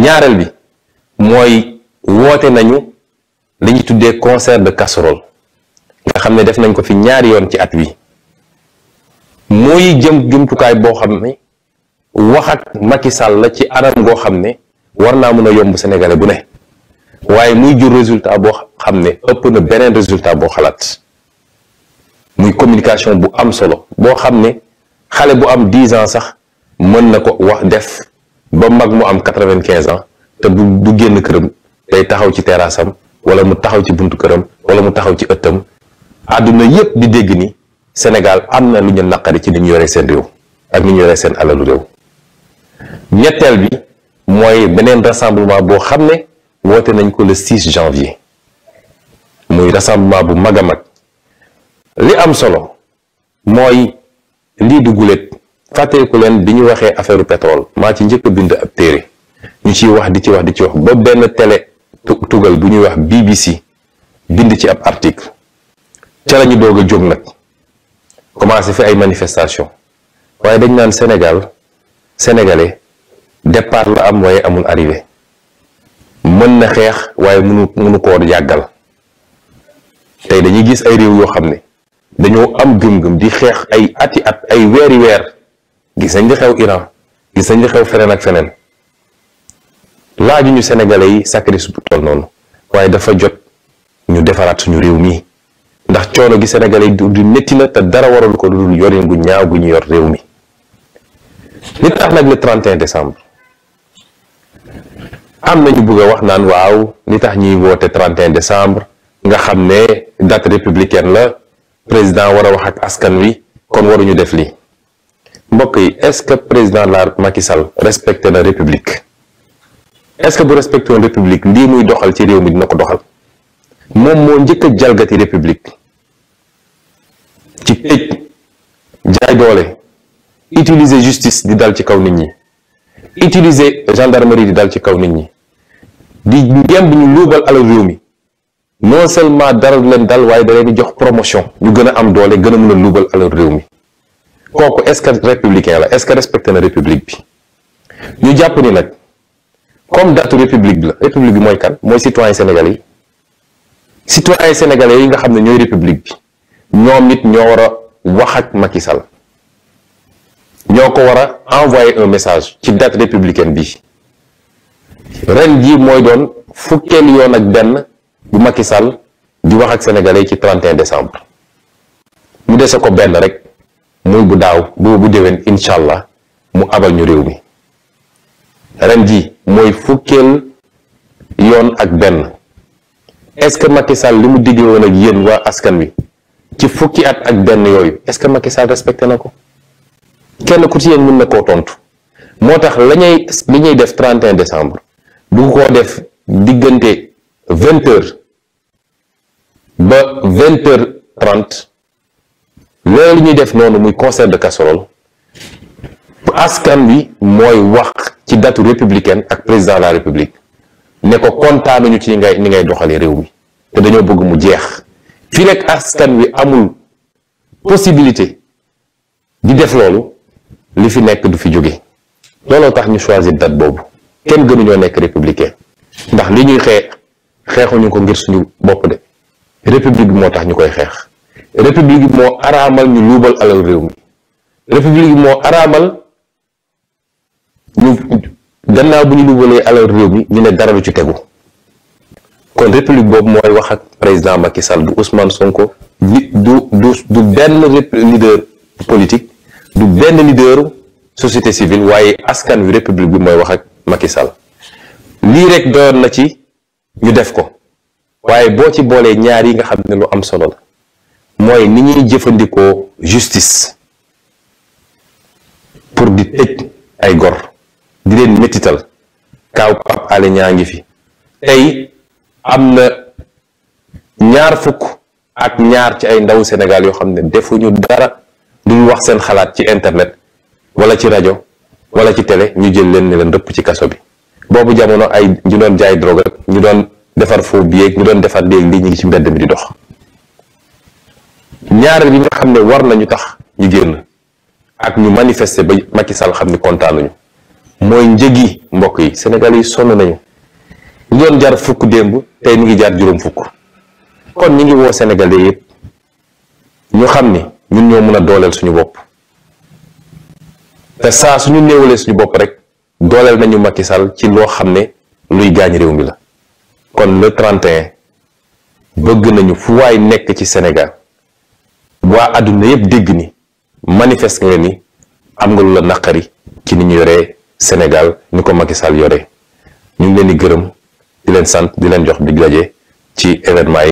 ñaareel bi mooy woote nañu li tuddee concert de casserole nga xam ne def nañ ko fi ñaari yoon ci at wi muy jëm jumtukaay boo xam ne wax ak Sall la ci anam goo xam ne war naa mën a yomb sénégalais bu ne waaye muy jur résultat boo xam ne ëpp na beneen résultat boo xalaat muy communication bu am solo boo xam ne xale bu am dix ans sax mën na ko wax def ba mag mu am quatre-vingt-quinze ans te bu du génn këram day taxaw ci terrassam wala mu taxaw ci buntu këram wala mu taxaw ci ëttam àdduna yépp di dégg ni Sénégal am na lu ñu naqari ci ni ñu yoree seen réew ak ni ñu yoree seen alalu réew ñetteel bi mooy beneen rassemblement boo xam ne woote nañ ko le 6 janvier muy rassemblement bu mag a mag li am solo mooy lii du guléet fàtteeku leen bi ñu waxee affaire pétrole maa ci njëkk bind ab téere ñu ciy wax di ci wax di ci wax ba benn tele tugal bu ñuy wax BBC bind ci ab article ca la ñu doog a jóg nag commencé fi ay manifestation waaye dañ naan senegal sénégalais départ la am waaye amul arrivé mën na xeex waaye mënu mënu koo yàggal tey dañuy gis ay réew yoo xam ne dañoo am gëm-gëm di xeex ay ati at ay weeri weer gis nañ li xew Iran gis nañ li xew feneen ak feneen laaju ñu sénégalais yi sacrifice bu noonu waaye dafa jot ñu defaraat suñu réew mi ndax coono gi sénégalais yi du métti na te dara waral ko dul yorin gu ñaaw gu ñu yor réew mi li tax nag le 31 décembre am nañu bëgg a wax naan waaw li tax ñiy woote 31 décembre nga xam ne date républicaine la président war a wax ak askan wi kon waruñu def lii mbokk yi est-ce que président de la Macky Sall respecté na république est-ce que bu respecté woon république lii muy doxal ci réew mi dina ko doxal moom moo njëkk a jalgati république ci tëj jaay doole utiliser justice di dal ci kaw nit ñi utiliser gendarmerie di dal ci kaw nit ñi di ngem bi ñu luubal alal réew mi non seulement dara leen dal waaye da leen di jox promotion ñu gën a am doole gën a mën a luubal alal réew mi kooku est-ce que républicain la est-ce que respecté na république bi ñu jàpp ni nag comme datu république bi la république bi mooy kan mooy citoyen sénégalais yi citoyen sénégalais yi nga xam ne ñooy république bi ñoom it ñoo war a wax ak Macky Sall ñoo ko war a envoyer message ci date républicaine bi ren jii mooy doon fukkeelu yoon ak benn bu Macky Sall di wax ak sénégalais ci 31 décembre mu dese ko benn rek. muy bu daaw bu bu déwén incha allah mu abal ñu réew mi ren ji mooy fukkeel yoon ak benn est-ce que Macky Sall li mu diggee woon ak yéen waa askan wi ci fukki at ak benn yooyu est-ce que Macky Sall respecté na ko kenn ku ci yéen mën na koo tontu moo tax la ñuy li ñuy def 31 décembre du ko def diggante vingt heures ba vingt heures loolu ñuy def noonu muy concert de casserole askan wi mooy wax ci datu républicain ak président la république ne ko kontaanuñu ci ngay ni ngay doxalee réew mi te dañoo bëgg mu jeex fii rek askan wi amul possibilité di def loolu li fi nekk du fi jóge looloo tax ñu choisir date boobu kenn gënuñoo nekk républicain ndax li ñuy xeex xeexuñu ko ngir suñu bopp de république bi moo tax ñu koy xeex république bi moo araamal ñu luubal alal réew mi moo araamal ñu gannaaw bu ñu luubalee alal ñu ne dara lu ci tegu kon république boobu mooy wax ak président Macky Sall du Ousmane Sonko du du du benn leader politique du benn leader société civile waaye askan wi république bi mooy wax ak Macky Sall lii rek doyoon na ci ñu def ko waaye boo ci boolee ñaar yi nga xam ne lu am solo la. mooy ni ñuy jëfandikoo justice pour di tëj ay gor di leen métital kaaw Pape Alé Niang ngi fi tey am na ñaar fukk ak ñaar ci ay ndaw senegal yoo xam ne defuñu dara duñ wax seen xalaat ci internet wala ci rajo walla ci télé ñu jël leen ne leen rëpp ci kaso bi boobu jamono ay ñu doon jaay drogue ñu doon defar faux billets ñu doon defar léegi lii ñu ngi ci mbedd mi di dox ñaareel bi nga xam ne war nañu tax ñu génn ak ñu manifester ba Macky Sall xam ni kontaan nañu mooy njëgi mbokk yi Sénégal yi sonn nañu ñu doon jar fukk démb te mi ngi jaar juróom fukk kon ñu ngi woo Sénégalais yëpp ñu xam ni ñun ñoo mën a dooleel suñu bopp te saa suñu néewalee suñu bopp rek dooleel nañu Macky Sall ci loo xam ne luy gaañ réew mi la kon le 31 bëgg nañu fu waay nekk ci senegal waa àdduna yëpp dégg ni manifeste nga ni am nga lu la naqari ci ni ñu yoree Sénégal ni ko Macky Sall yore ñu ngi leen di gërëm di leen sant di leen jox dig daje ci événement yi